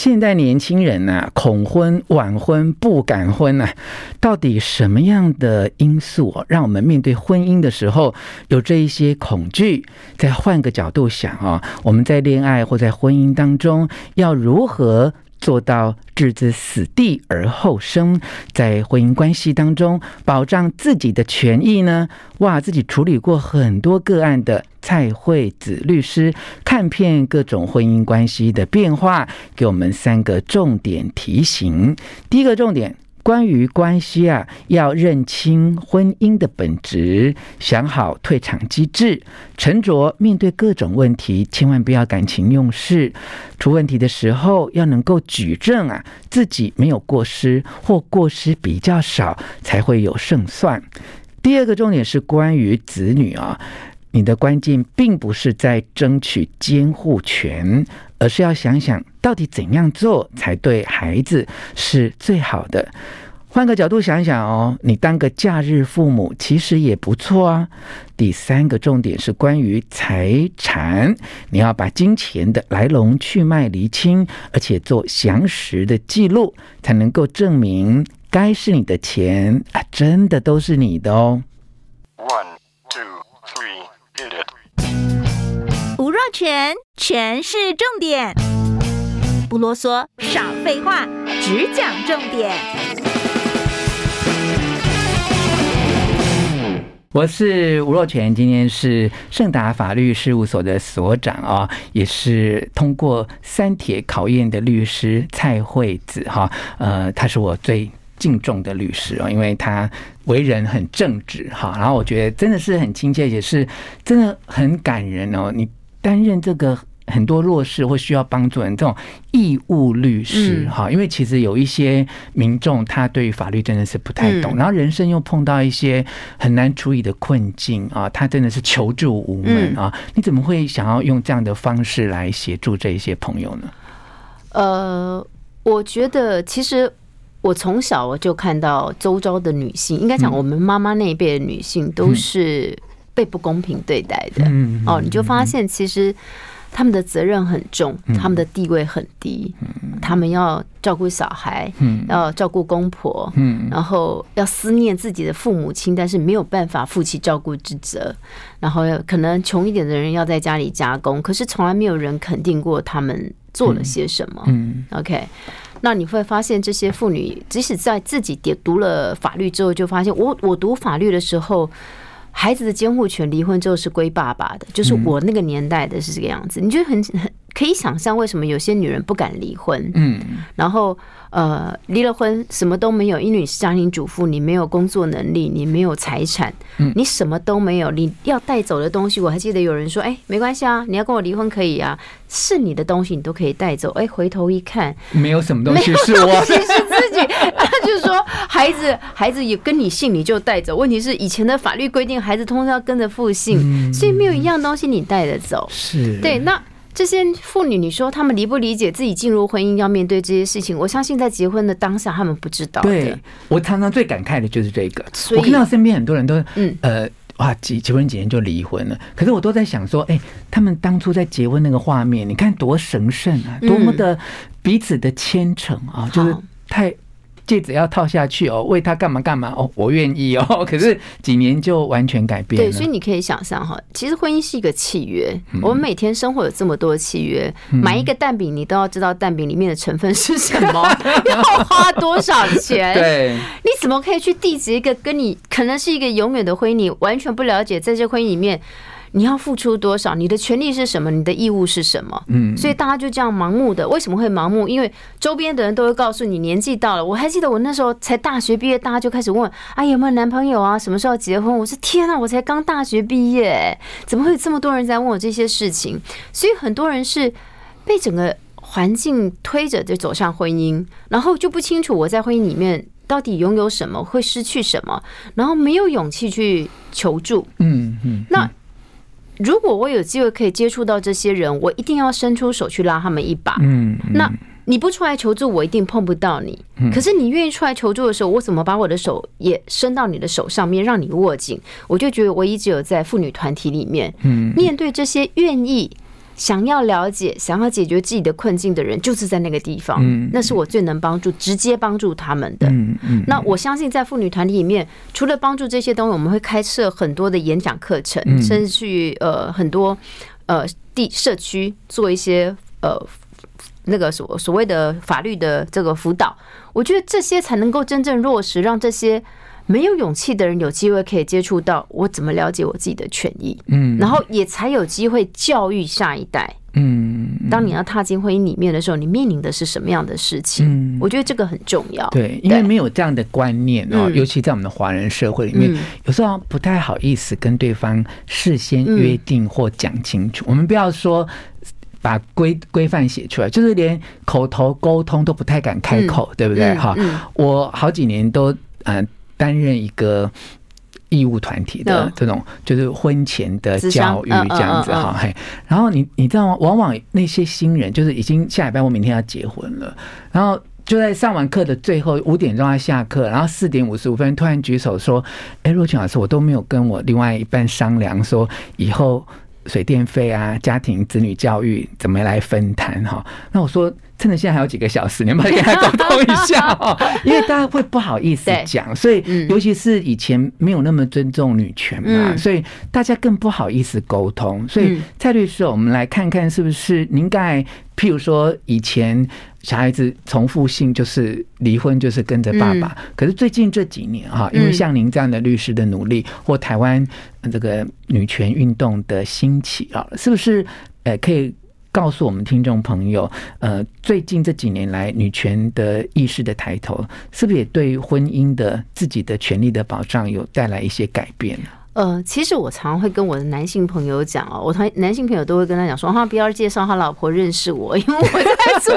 現代年輕人吶、啊，恐婚、晚婚、不敢婚吶、啊，到底什麼樣的因素讓我們面對婚姻的時候有這一些恐懼？再換個角度想啊，我們在戀愛或在婚姻當中要如何？做到置之死地而後生，在婚姻關係當中保障自己的權益呢？哇，自己處理過很多個案的蔡惠子律師，看遍各種婚姻關係的變化，給我們三個重點提醒。第一個重點。關於關係啊，要認清婚姻的本質，想好退場機制，沉着面對各種問題，千萬不要感情用事。出問題的時候要能夠舉證啊，自己沒有過失或過失比較少，才會有勝算。第二個重點是關於子女啊，你的關鍵並不是在爭取監護權，而是要想想。到底怎樣做才對孩子是最好的？換個角度想想哦，你當個假日父母其實也不錯啊。第三個重點是關於財產，你要把金錢的來龍去脈釐清，而且做詳實的記錄，才能夠證明該是你的錢啊，真的都是你的哦。One two three, hit it。吳若權，權是重點。不囉嗦，少廢話，只講重點。我是吳若權，今天是盛達法律事務所的所長啊，也是通過三鐵考驗的律師蔡惠子哈。呃，他是我最敬重的律師啊，因為他為人很正直哈，然後我覺得真的是很親切，也是真的很感人哦。你擔任這個。很多弱勢或需要幫助的人，這種義務律師哈，嗯、因為其實有一些民眾，他對於法律真的是不太懂，嗯、然後人生又碰到一些很難處理的困境啊，他真的是求助無門、嗯、啊。你怎麼會想要用這樣的方式來協助這一些朋友呢？呃，我覺得其實我從小我就看到周遭的女性，應該講我們媽媽那一輩的女性都是被不公平對待的。嗯、哦，嗯、你就發現其實。他們的責任很重，他們的地位很低，嗯、他們要照顧小孩，嗯、要照顧公婆，嗯、然後要思念自己的父母親，但是沒有辦法負起照顧之責。然後可能窮一點的人要在家裡加工，可是從來沒有人肯定過他們做了些什麼。嗯嗯、OK，那你會發現這些婦女，即使在自己讀了法律之後，就發現我我讀法律的時候。孩子的監護權離婚之後是歸爸爸的，就是我那個年代的是這個樣子。嗯、你就很很可以想象為什麼有些女人不敢離婚。嗯，然後呃，離了婚什麼都沒有，因為你是家庭主婦，你沒有工作能力，你沒有財產，嗯、你什麼都沒有，你要帶走的東西，我還記得有人說，哎、欸，沒關係啊，你要跟我離婚可以啊，是你的東西你都可以帶走。哎、欸，回頭一看，沒有什麼東西是我沒有什麼東西是自己。 說孩子，孩子也跟你姓，你就帶走。問題是以前的法律規定，孩子通常要跟着父姓，所以沒有一樣東西你帶着走。嗯、是對。那這些婦女，你說他們理不理解自己進入婚姻要面對這些事情？我相信在結婚的當下，他們不知道。對我常常最感慨的就是這個，以我看到身邊很多人都，嗯呃，哇，結結婚幾年就離婚了。可是我都在想說，哎、欸，他們當初在結婚那個畫面，你看多神聖啊，多麼的彼此的虔誠啊，嗯、就是太。戒指要套下去哦，為他幹嘛幹嘛哦，我願意哦。可是幾年就完全改變了。對，所以你可以想象哈，其實婚姻是一個契約。嗯、我們每天生活有這麼多契約，買一個蛋餅，你都要知道蛋餅裡面的成分是什麼，嗯、 要花多少錢。 對，你怎麼可以去締結一個跟你可能是一個永遠的婚姻，你完全不了解在這婚姻裡面？你要付出多少？你的權利是什麼？你的義務是什麼？嗯，所以大家就這樣盲目的，為什麼會盲目？因為周邊的人都會告訴你，年紀到了。我還記得我那時候才大學畢業，大家就開始問我：“哎，有沒有男朋友啊？什麼時候結婚？”我說：“天啊，我才剛大學畢業，怎麼會有這麼多人在問我這些事情？”所以很多人是被整個環境推着就走向婚姻，然後就不清楚我在婚姻裡面到底擁有什麼，會失去什麼，然後沒有勇氣去求助。嗯嗯，嗯嗯，那。如果我有機會可以接觸到這些人，我一定要伸出手去拉他們一把。嗯，那你不出來求助，我一定碰不到你。可是你願意出來求助的時候，我怎麼把我的手也伸到你的手上面，讓你握緊？我就覺得我一直有在婦女團體裡面，嗯，面對這些願意。想要了解、想要解決自己的困境的人，就是在那個地方。那是我最能幫助、直接幫助他們的。那我相信，在婦女團體裡面，除了幫助這些東西，我們會開設很多的演講課程，甚至去呃很多呃地社區做一些呃那個所所謂的法律的這個輔導。我覺得這些才能夠真正落實，讓這些。沒有勇氣的人，有機會可以接觸到我怎麼了解我自己的權益，嗯，然後也才有機會教育下一代，嗯，當你要踏進婚姻裡面的時候，你面臨的是什麼樣的事情？我覺得這個很重要，對，因為沒有這樣的觀念啊，尤其在我們的華人社會裡面，有時候不太好意思跟對方事先約定或講清楚。我們不要說把規規範寫出來，就是連口頭溝通都不太敢開口，對不對？哈，我好幾年都嗯。擔任一個義務團體的這種，就是婚前的教育，這樣子哈嘿。然後你你知道嗎，往往那些新人就是已經下禮拜，我明天要結婚了。然後就在上完課的最後五點鐘要下課，然後四點五十五分突然舉手說：“哎，若權老師，我都沒有跟我另外一半商量說以後。”水電費啊，家庭子女教育怎麼來分攤哈？那我說，趁着現在還有幾個小時， 你們要不要跟他溝通一下， 因為大家會不好意思講，對所以尤其是以前沒有那麼尊重女權嘛，嗯、所以大家更不好意思溝通。嗯、所以蔡律師，我們來看看是不是您應該譬如說，以前小孩子重複性就是離婚就是跟着爸爸，可是最近這幾年哈、啊，因為像您這樣的律師的努力，或台灣這個女權運動的興起啊，是不是呃可以告訴我們聽眾朋友，呃，最近這幾年來女權的意識的抬頭，是不是也對婚姻的自己的權利的保障有帶來一些改變？呃，其實我常常會跟我的男性朋友講哦，我同男性朋友都會跟他講說，他、啊、不要介紹他老婆認識我，因為我在做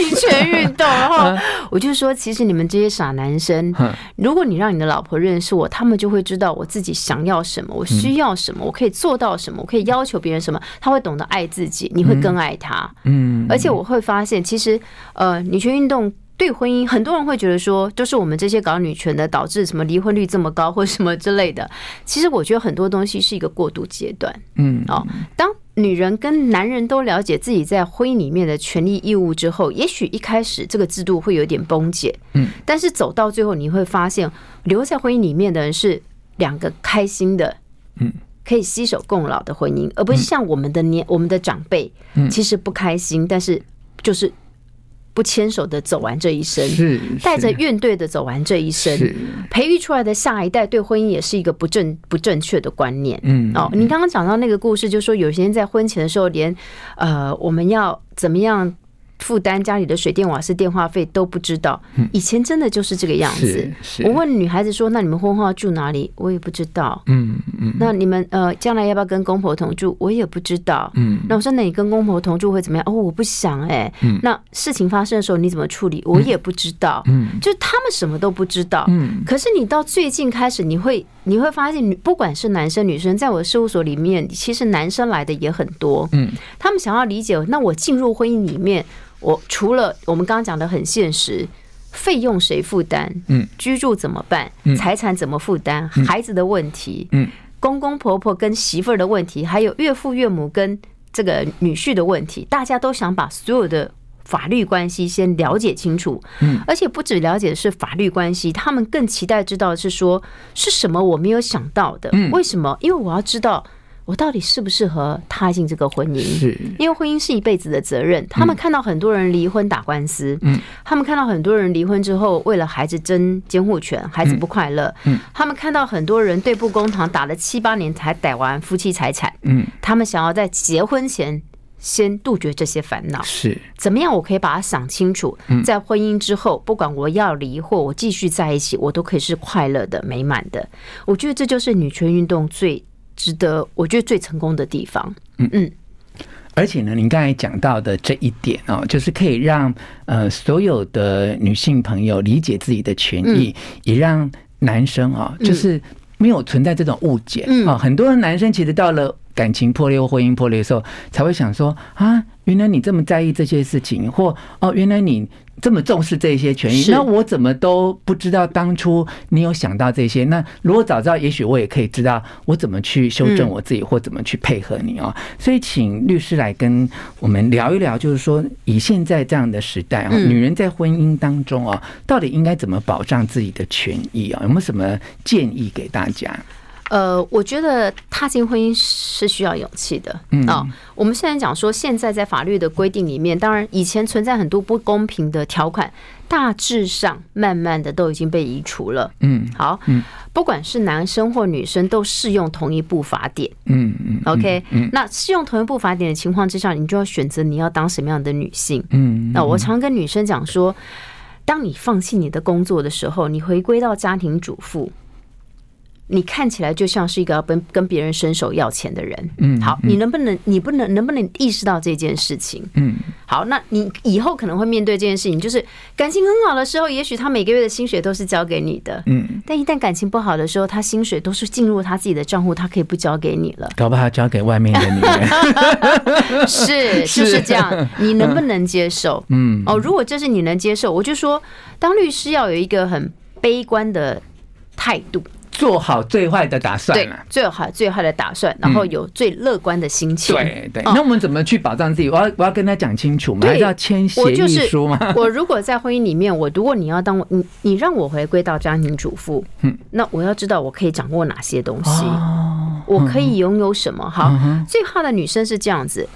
女權運動哈。 然後我就說，其實你們這些傻男生，如果你讓你的老婆認識我，他們就會知道我自己想要什麼，我需要什麼，我可以做到什麼，我可以要求別人什麼，他會懂得愛自己，你會更愛他。嗯，嗯嗯，而且我會發現，其實呃，女權運動。對婚姻，很多人會覺得說，就是我們這些搞女權的，導致什麼離婚率這麼高，或什麼之類的。其實我覺得很多東西是一個過渡階段，嗯，哦，當女人跟男人都了解自己在婚姻裡面的權利義務之後，也許一開始這個制度會有點崩解，嗯，但是走到最後，你會發現留在婚姻裡面的人是兩個開心的，嗯，可以攜手共老的婚姻，而不是像我們的年、嗯、我們的長輩，嗯，其實不開心，嗯、但是就是。不牽手的走完這一生，帶着怨懟的走完這一生，是是培育出來的下一代對婚姻也是一個不正不正確的觀念。嗯，嗯，嗯、哦，你剛剛講到那個故事，就說有些人在婚前的時候連，連呃，我們要怎麼樣？負擔家裡的水電瓦斯電話費都不知道，以前真的就是這個樣子。嗯、我問女孩子說：“那你們婚後住哪裡？”我也不知道。嗯，嗯，那你們呃，將來要不要跟公婆同住？我也不知道。嗯，那我說：“那你跟公婆同住會怎麼樣？”哦，我不想哎、欸。嗯、那事情發生的時候，你怎麼處理？我也不知道。嗯，就是他們什麼都不知道。嗯，可是你到最近開始，你會你會發現，不管是男生女生，在我的事務所裡面，其實男生來的也很多。嗯，他們想要理解，那我進入婚姻裡面。我除了我們剛剛講的很現實，費用誰負擔？嗯，居住怎麼辦？財產怎麼負擔？嗯嗯、孩子的問題？嗯，嗯，公公婆婆跟媳婦兒的問題，還有岳父岳母跟這個女婿的問題，大家都想把所有的法律關係先了解清楚。嗯，而且不止了解的是法律關係，他們更期待知道的是說，是什麼我沒有想到的？嗯，為什麼？因為我要知道。我到底適不適合踏進這個婚姻？是，嗯、因為婚姻是一輩子的責任。他們看到很多人離婚打官司，嗯，他們看到很多人離婚之後為了孩子爭監護權，嗯、孩子不快樂，嗯，他們看到很多人對簿公堂打了七八年才逮完夫妻財產，嗯，他們想要在結婚前先杜絕這些煩惱。是，怎麼樣我可以把它想清楚？在婚姻之後，不管我要離或我繼續在一起，我都可以是快樂的、美滿的。我覺得這就是女權運動最。值得我覺得最成功的地方，嗯嗯，而且呢，您剛才講到的這一點哦，就是可以讓呃所有的女性朋友理解自己的權益，也、嗯、讓男生啊、哦，就是沒有存在這種誤解，嗯啊、哦，很多的男生其實到了。感情破裂或婚姻破裂的時候，才會想說啊，原來你這麼在意這些事情，或哦，原來你這麼重視這些權益，那我怎麼都不知道當初你有想到這些？那如果早知道，也許我也可以知道，我怎麼去修正我自己，或怎麼去配合你哦。所以，請律師來跟我們聊一聊，就是說，以現在這樣的時代啊，女人在婚姻當中啊，到底應該怎麼保障自己的權益啊？有沒有什麼建議給大家？呃，我覺得踏進婚姻是需要勇氣的哦，我們現在講說，現在在法律的規定裡面，當然以前存在很多不公平的條款，大致上慢慢的都已經被移除了。嗯，好，嗯，不管是男生或女生都適用同一部法典。嗯，OK，那適用同一部法典的情況之下，你就要選擇你要當什麼樣的女性。嗯，哦，那我常跟女生講說，當你放棄你的工作的時候，你回歸到家庭主婦。你看起來就像是一個要跟跟別人伸手要錢的人。嗯，好，你能不能，嗯、你不能，能不能意識到這件事情？嗯，好，那你以後可能會面對這件事情，就是感情很好的時候，也許他每個月的薪水都是交給你的。嗯，但一旦感情不好的時候，他薪水都是進入他自己的賬戶，他可以不交給你了，搞不好交給外面的女人。 是，就是這樣。你能不能接受？嗯，哦，如果這是你能接受，我就說，當律師要有一個很悲觀的態度。做好最壞的打算了。對，最好最壞的打算，然後有最樂觀的心情、嗯。對對，那我們怎麼去保障自己？我要我要跟他講清楚嗎，我們對要簽協議書嗎、我就是？ 我如果在婚姻裡面，我如果你要當我，你你讓我回歸到家庭主婦，嗯、那我要知道我可以掌握哪些東西，哦、我可以擁有什麼。好，嗯、最怕的女生是這樣子，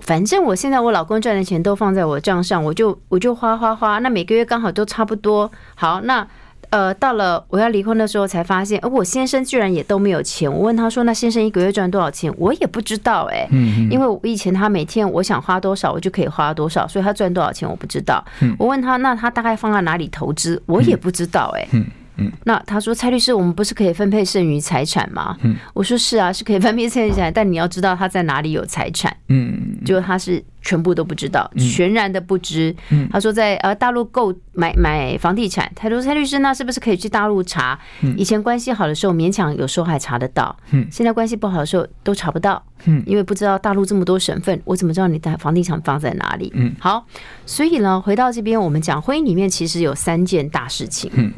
反正我現在我老公賺的錢都放在我賬上，我就我就花花花，那每個月剛好都差不多。好，那。呃，到了我要離婚的時候，才發現，呃，我先生居然也都沒有錢。我問他說：“那先生一個月賺多少錢？”我也不知道，欸，哎，因為我以前他每天我想花多少，我就可以花多少，所以他賺多少錢我不知道。我問他：“那他大概放在哪裡投資？”我也不知道，欸，哎，嗯，嗯，嗯。那他說：“蔡律師，我們不是可以分配剩餘財產嗎？”我說：“是啊，是可以分配剩餘財產，但你要知道他在哪裡有財產。”嗯，就他是全部都不知道，全然的不知。他說：“在呃大陸購買買房地產。”他說：“蔡律師，那是不是可以去大陸查？以前關係好的時候，勉強有時候還查得到。現在關係不好的時候，都查不到。因為不知道大陸這麼多省份，我怎麼知道你的房地產放在哪裡？”嗯，好，所以呢，回到這邊，我們講婚姻裡面其實有三件大事情。嗯。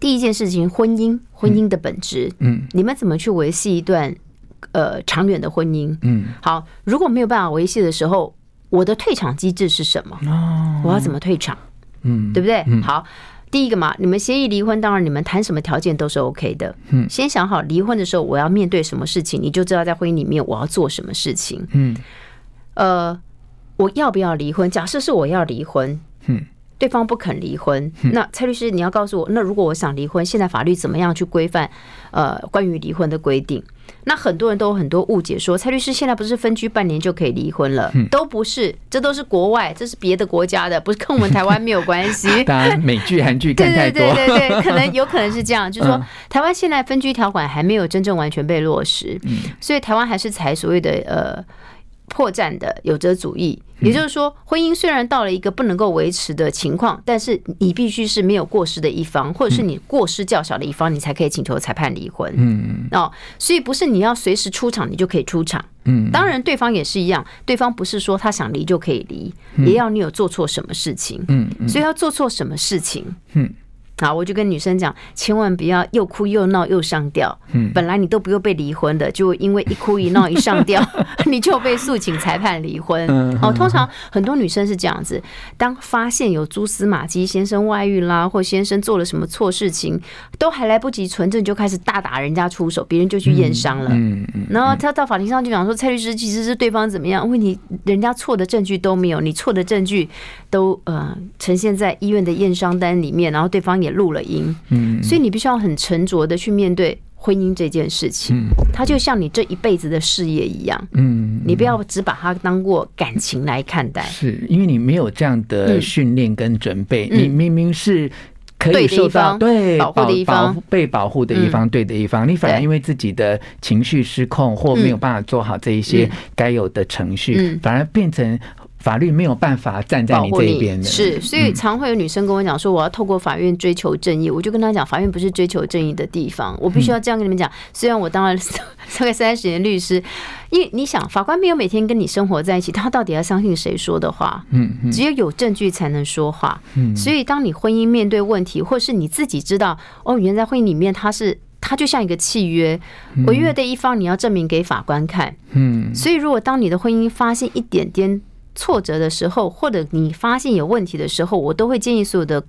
第一件事情，婚姻、婚姻的本質。嗯，你們怎麼去維繫一段呃長遠的婚姻？嗯，好，如果沒有辦法維繫的時候，我的退場機制是什麼？哦，我要怎麼退場？嗯，對不對？嗯，好，第一個嘛，你們協議離婚，當然你們談什麼條件都是 OK 的。嗯，先想好離婚的時候我要面對什麼事情，你就知道在婚姻裡面我要做什麼事情。嗯，呃，我要不要離婚？假設是我要離婚，嗯。對方不肯離婚，那蔡律師，你要告訴我，那如果我想離婚，現在法律怎麼樣去規範？呃，關於離婚的規定，那很多人都有很多誤解說，說蔡律師，現在不是分居半年就可以離婚了，都不是，這都是國外，這是別的國家的，不是跟我們台灣沒有關係。當然 美劇、韓劇看太多，對對對對對，可能有可能是這樣，就是說台灣現在分居條款還沒有真正完全被落實，所以台灣還是才所謂的呃。破綻的有責主義，也就是說，婚姻雖然到了一個不能夠維持的情況，但是你必須是沒有過失的一方，或者是你過失較小的一方，你才可以請求裁判離婚。嗯哦，所以不是你要隨時出場，你就可以出場。當然對方也是一樣，對方不是說他想離就可以離，也要你有做錯什麼事情。嗯，所以要做錯什麼事情？啊！我就跟女生講，千萬不要又哭又鬧又上吊。嗯，本來你都不用被離婚的，就因為一哭一鬧一上吊， 你就被訴請裁判離婚。哦，通常很多女生是這樣子：當發現有蛛絲馬跡，先生外遇啦，或先生做了什麼錯事情，都還來不及存證，就開始大打人家出手，別人就去驗傷了。嗯嗯。嗯嗯然後他到法庭上就講說：“蔡律師其實是對方怎麼樣？問、哦、題，人家錯的證據都沒有，你錯的證據都呃呈現在醫院的驗傷單裡面，然後對方也。”錄了音，所以你必須要很沉着的去面對婚姻這件事情。嗯、它就像你這一輩子的事業一樣，嗯，你不要只把它當過感情來看待。是因為你沒有這樣的訓練跟準備，嗯、你明明是可以受到、嗯、對保護的一方被保護的一方，嗯、對的一方，你反而因為自己的情緒失控或沒有辦法做好這一些該有的程序，嗯嗯嗯、反而變成。法律沒有辦法站在你這一邊的，是，所以常會有女生跟我講說，我要透過法院追求正義，嗯、我就跟她講，法院不是追求正義的地方，我必須要這樣跟你們講。雖然我當了大概三十年律師，因為你想，法官沒有每天跟你生活在一起，他到底要相信誰說的話？只有有證據才能說話。嗯嗯、所以當你婚姻面對問題，或是你自己知道，哦，原來婚姻裡面她是她就像一個契約，違約的一方你要證明給法官看。嗯，嗯，所以如果當你的婚姻發現一點點。挫折的時候，或者你發現有問題的時候，我都會建議所有的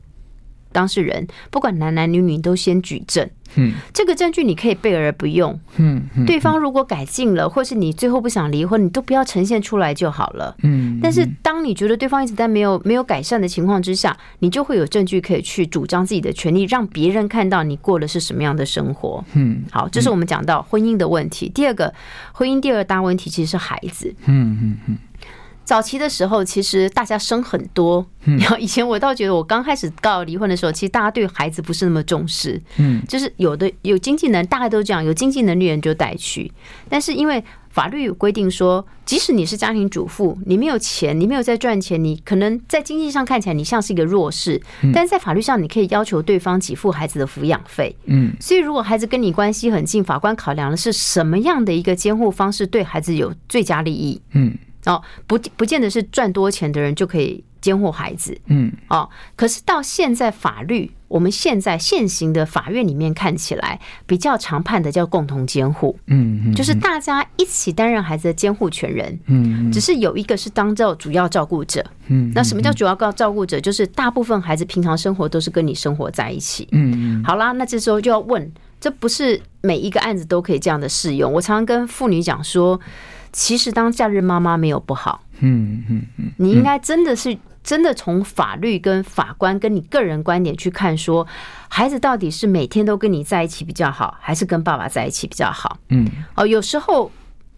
當事人，不管男男女女，都先舉證。嗯，這個證據你可以備而不用。嗯，嗯嗯對方如果改進了，或是你最後不想離婚，你都不要呈現出來就好了。嗯，但是當你覺得對方一直在沒有沒有改善的情況之下，你就會有證據可以去主張自己的權利，讓別人看到你過的是什麼樣的生活。嗯，好，這是我們講到婚姻的問題。第二個，婚姻第二大問題其實是孩子。嗯早期的時候，其實大家生很多。然後、嗯、以前我倒覺得，我剛開始告離婚的時候，其實大家對孩子不是那麼重視。嗯，就是有的有經濟能，大概都這樣。有經濟能力人就帶去，但是因為法律有規定說，即使你是家庭主婦，你沒有錢，你沒有在賺錢，你可能在經濟上看起來你像是一個弱勢，嗯、但是在法律上你可以要求對方給付孩子的撫養費。嗯，所以如果孩子跟你關係很近，法官考量的是什麼樣的一個監護方式對孩子有最佳利益。嗯。哦，oh, 不，不見得是賺多錢的人就可以監護孩子。嗯，哦，可是到現在法律，我們現在現行的法院裡面看起來比較常判的叫共同監護。嗯、mm，hmm. 就是大家一起擔任孩子的監護權人。嗯、mm，hmm. 只是有一個是當做主要照顧者。嗯、mm，hmm. 那什麼叫主要照照顧者？就是大部分孩子平常生活都是跟你生活在一起。嗯、mm，hmm. 好啦，那這時候就要問，這不是每一個案子都可以這樣的適用。我常常跟婦女講說。其實當假日媽媽沒有不好，嗯嗯，你應該真的是真的從法律跟法官跟你個人觀點去看，說孩子到底是每天都跟你在一起比較好，還是跟爸爸在一起比較好？嗯哦，有時候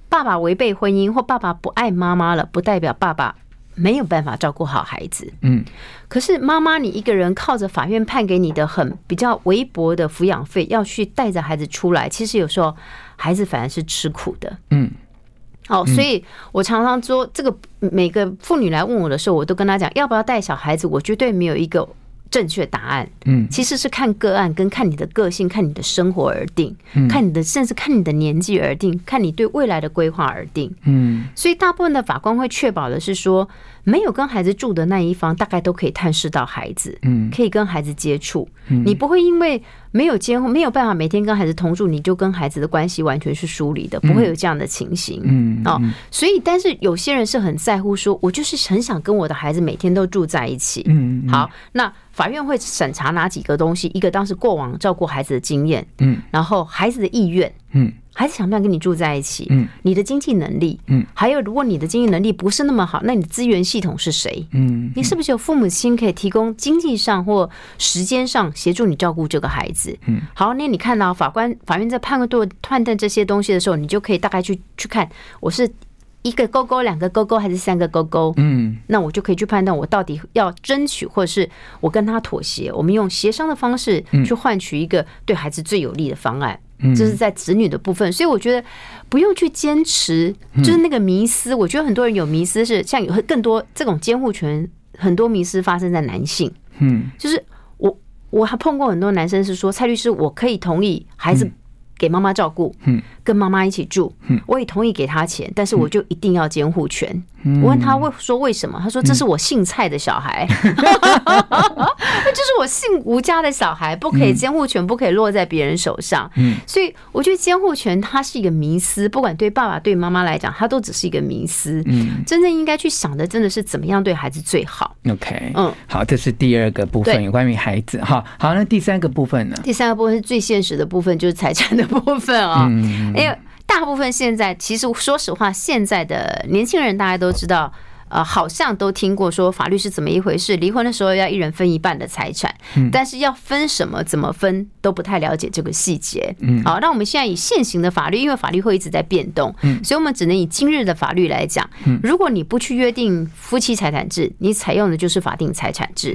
爸爸違背婚姻，或爸爸不愛媽媽了，不代表爸爸沒有辦法照顧好孩子，嗯。可是媽媽，你一個人靠着法院判給你的很比較微薄的撫養費，要去帶着孩子出來，其實有時候孩子反而是吃苦的，嗯。好，哦，所以我常常說，這個每個婦女來問我的時候，我都跟她講，要不要帶小孩子，我絕對沒有一個正確答案。嗯，其實是看個案，跟看你的個性、看你的生活而定，看你的甚至看你的年紀而定，看你對未來的規劃而定。嗯，所以大部分的法官會確保的是說，沒有跟孩子住的那一方，大概都可以探視到孩子，嗯，可以跟孩子接觸，嗯、你不會因為沒有監護，沒有辦法每天跟孩子同住，你就跟孩子的關係完全是疏離的，嗯、不會有這樣的情形，嗯，嗯、哦、所以，但是有些人是很在乎說，說我就是很想跟我的孩子每天都住在一起，嗯，嗯，好，那法院會審查哪幾個東西？一個當時過往照顧孩子的經驗，嗯，然後孩子的意願，嗯。嗯孩子想不想跟你住在一起？你的經濟能力，嗯，嗯，還有如果你的經濟能力不是那麼好，那你的資源系統是誰？嗯，你是不是有父母親可以提供經濟上或時間上協助你照顧這個孩子？嗯，好，那你看到法官、法院在判個判斷這些東西的時候，你就可以大概去去看，我是一個勾勾，兩個勾勾，還是三個勾勾？嗯，那我就可以去判斷我到底要爭取，或是我跟他妥協？我們用協商的方式去換取一個對孩子最有利的方案。就是在子女的部分，所以我覺得不用去堅持，就是那個迷思。我覺得很多人有迷思，是像有更多這種監護權，很多迷思發生在男性。嗯，就是我我還碰過很多男生是說，蔡律師，我可以同意孩子給媽媽照顧，嗯，跟媽媽一起住，嗯，我也同意給他錢，但是我就一定要監護權。我問他為說為什麼，他說這是我姓蔡的小孩。 就是我姓吳家的小孩，不可以監護權，嗯、不可以落在別人手上。嗯，所以我覺得監護權它是一個迷思，不管對爸爸對媽媽來講，它都只是一個迷思。嗯，真正應該去想的，真的是怎麼樣對孩子最好。OK，嗯，好，這是第二個部分對有關於孩子哈。好，那第三個部分呢？第三個部分是最現實的部分，就是財產的部分啊、哦。因為、嗯哎、大部分現在，其實說實話，現在的年輕人大家都知道。呃，好像都聽過說法律是怎麼一回事，離婚的時候要一人分一半的財產，但是要分什麼、怎麼分都不太了解這個細節。嗯，好，那我們現在以現行的法律，因為法律會一直在變動，嗯，所以我們只能以今日的法律來講。如果你不去約定夫妻財產制，你採用的就是法定財產制。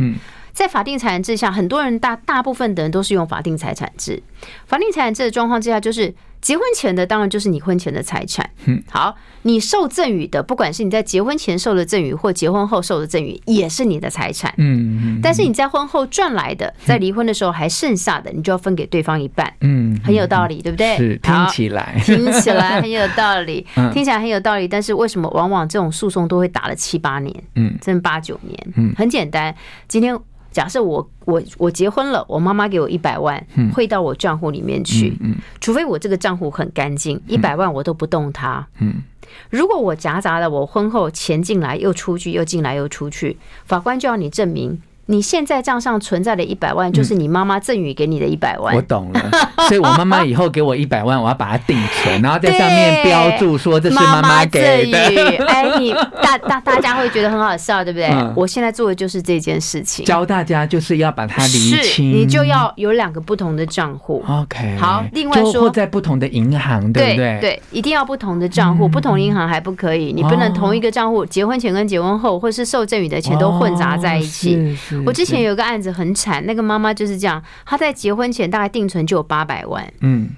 在法定財產制下，很多人大大部分的人都是用法定財產制。法定財產制的狀況之下，就是。結婚前的當然就是你婚前的財產。嗯，好，你受贈與的，不管是你在結婚前受的贈與或結婚後受的贈與，也是你的財產。嗯嗯。但是你在婚後賺來的，在離婚的時候還剩下的，你就要分給對方一半。嗯，很有道理，對不對？是，聽起來聽起來很有道理，聽起來很有道理。但是為什麼往往這種訴訟都會打了七八年，嗯，甚至八九年？嗯，很簡單，今天。假設我我我結婚了，我媽媽給我一百萬，匯、嗯、到我賬戶裡面去。嗯嗯、除非我這個賬戶很乾淨，一百萬我都不動它。嗯嗯、如果我夾雜了我婚後錢進來又出去，又進來又出去，法官就要你證明。你現在賬上存在的一百萬，就是你媽媽贈與給你的一百萬、嗯。我懂了，所以我媽媽以後給我一百萬， 我要把它定存，然後在上面標注說這是媽媽給的。對，媽媽贈與。哎，你大大大家會覺得很好笑，對不對？嗯、我現在做的就是這件事情，教大家就是要把它釐清，你就要有兩個不同的賬戶。OK，好，另外說在不同的銀行，對不對,對？對，一定要不同的賬戶，嗯、不同銀行還不可以，你不能同一個賬戶結婚前跟結婚後或是受贈與的錢都混雜在一起。哦是是我之前有一個案子很慘，那個媽媽就是這樣，她在結婚前大概定存就有八百萬，嗯，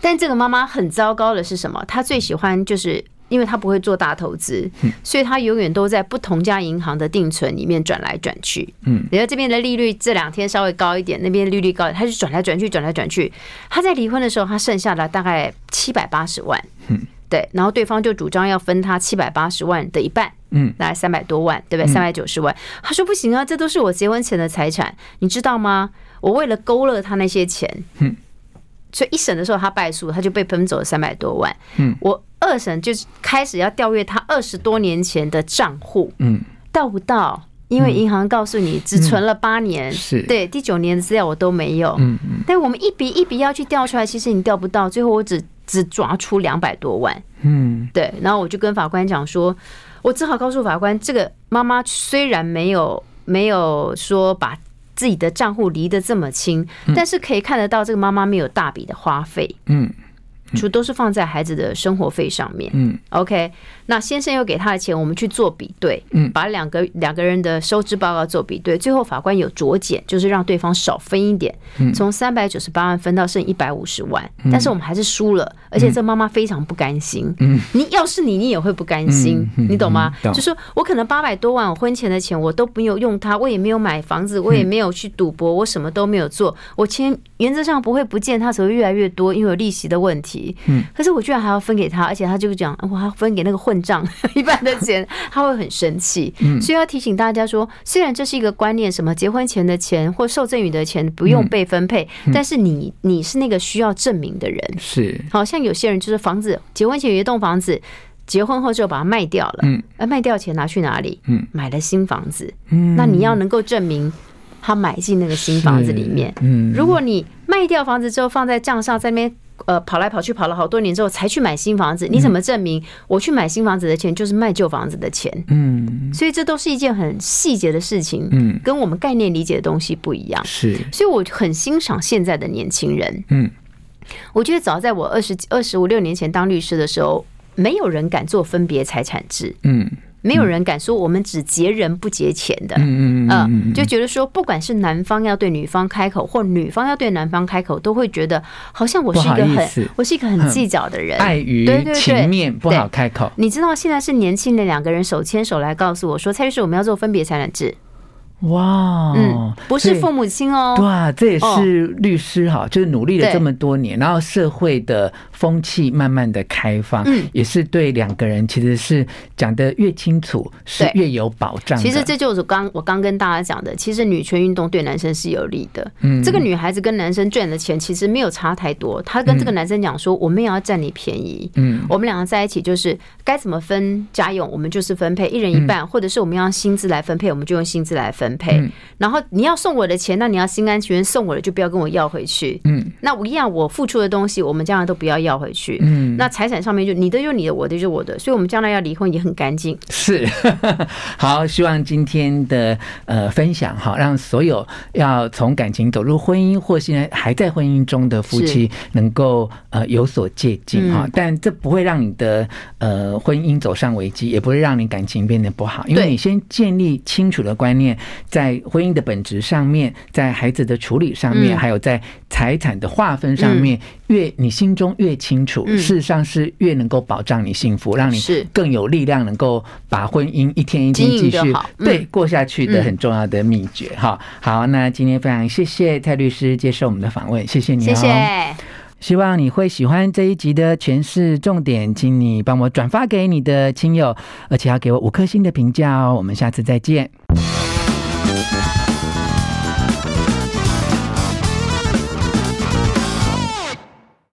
但這個媽媽很糟糕的是什麼？她最喜歡就是，因為她不會做大投資，所以她永遠都在不同家銀行的定存裡面轉來轉去，嗯，人家這邊的利率這兩天稍微高一點，那邊利率高一點，她就轉來轉去，轉來轉去，她在離婚的時候，她剩下了大概七百八十萬，嗯。對，然後對方就主張要分他七百八十萬的一半，嗯，來三百多萬，對不對？三百九十萬。他說不行啊，這都是我結婚前的財產，你知道嗎？我為了勾勒他那些錢，嗯，所以一審的時候他敗訴，他就被分走了三百多萬。嗯，我二審就是開始要調閱他二十多年前的賬戶，嗯，調不到，因為銀行告訴你只存了八年，是對，第九年的資料我都沒有，嗯，但我們一筆一筆要去調出來，其實你調不到，最後我只。只抓出兩百多萬，嗯，對，然後我就跟法官講說，我只好告訴法官，這個媽媽雖然沒有沒有說把自己的賬戶離得這麼清，但是可以看得到這個媽媽沒有大筆的花費，嗯，嗯。就都是放在孩子的生活費上面。嗯，OK，那先生又給他的錢，我們去做比對，嗯，把兩個兩個人的收支報告做比對，最後法官有酌減，就是讓對方少分一點，從三百九十八萬分到剩一百五十萬，但是我們還是輸了，而且這媽媽非常不甘心。嗯，你要是你，你也會不甘心，你懂嗎？就說我可能八百多萬，我婚前的錢我都沒有用它，我也沒有買房子，我也沒有去賭博，我什麼都沒有做，我錢原則上不會不見，它只會越來越多，因為有利息的問題。可是我居然還要分給他，而且他就講，我還分給那個混賬一半的錢，他會很生氣。所以要提醒大家說，雖然這是一個觀念，什麼結婚前的錢或受贈予的錢不用被分配，但是你你是那個需要證明的人，是。好像有些人就是房子，結婚前有一棟房子，結婚後就把它賣掉了，而賣掉錢拿去哪裡？買了新房子，那你要能夠證明他買進那個新房子裡面，如果你賣掉房子之後放在賬上，在那邊。呃，跑來跑去跑了好多年之後，才去買新房子。你怎麼證明我去買新房子的錢就是賣舊房子的錢？嗯，所以這都是一件很細節的事情。嗯，跟我們概念，理解的東西不一樣。是，所以我很欣賞現在的年輕人。嗯，我覺得早在我二十、二十五六年前當律師的時候，沒有人敢做分別財產制。嗯。沒有人敢說我們只結人不結錢的，嗯嗯嗯，就覺得說不管是男方要對女方開口，或女方要對男方開口，都會覺得好像我是一個很我是一個很計較的人，嗯、礙於情面不好開口。你知道現在是年輕的兩個人手牽手來告訴我說，蔡律師，我們要做分別財產制，哇，嗯，不是父母親哦，哇，對啊，這也是律師哈，哦，就是努力了這麼多年，對然後社會的。風氣慢慢的開放，嗯，也是對兩個人其實是講得越清楚、嗯、是越有保障。其實這就是我剛我剛跟大家講的，其實女權運動對男生是有利的。嗯，這個女孩子跟男生賺的錢其實沒有差太多，她跟這個男生講說，嗯、我們也要占你便宜。嗯，我們兩個在一起就是該怎麼分家用，我們就是分配一人一半，嗯、或者是我們要用薪資來分配，我們就用薪資來分配。嗯、然後你要送我的錢，那你要心甘情願送我的，就不要跟我要回去。嗯，那我一樣我付出的東西，我們將來都不要要。要回去，嗯，那財產上面就你的就是你的，我的就是我的，所以我們將來要離婚也很乾淨。是呵呵，好，希望今天的呃分享哈，讓所有要從感情走入婚姻，或現在還在婚姻中的夫妻能，能夠是呃有所借鑑哈。嗯、但這不會讓你的呃婚姻走上危機，也不會讓你感情變得不好，對因為你先建立清楚的觀念，在婚姻的本質上面，在孩子的處理上面，嗯、還有在財產的劃分上面，嗯、越你心中越。清楚，事實上是越能夠保障你幸福，嗯、讓你更有力量，能夠把婚姻一天一天繼續、嗯、對過下去的很重要的秘訣。哈、嗯，好，那今天非常謝謝蔡律師接受我們的訪問，謝謝你、哦，謝謝。希望你會喜歡這一集的權式重點，請你幫我轉發給你的親友，而且要給我五顆星的評價哦。我們下次再見。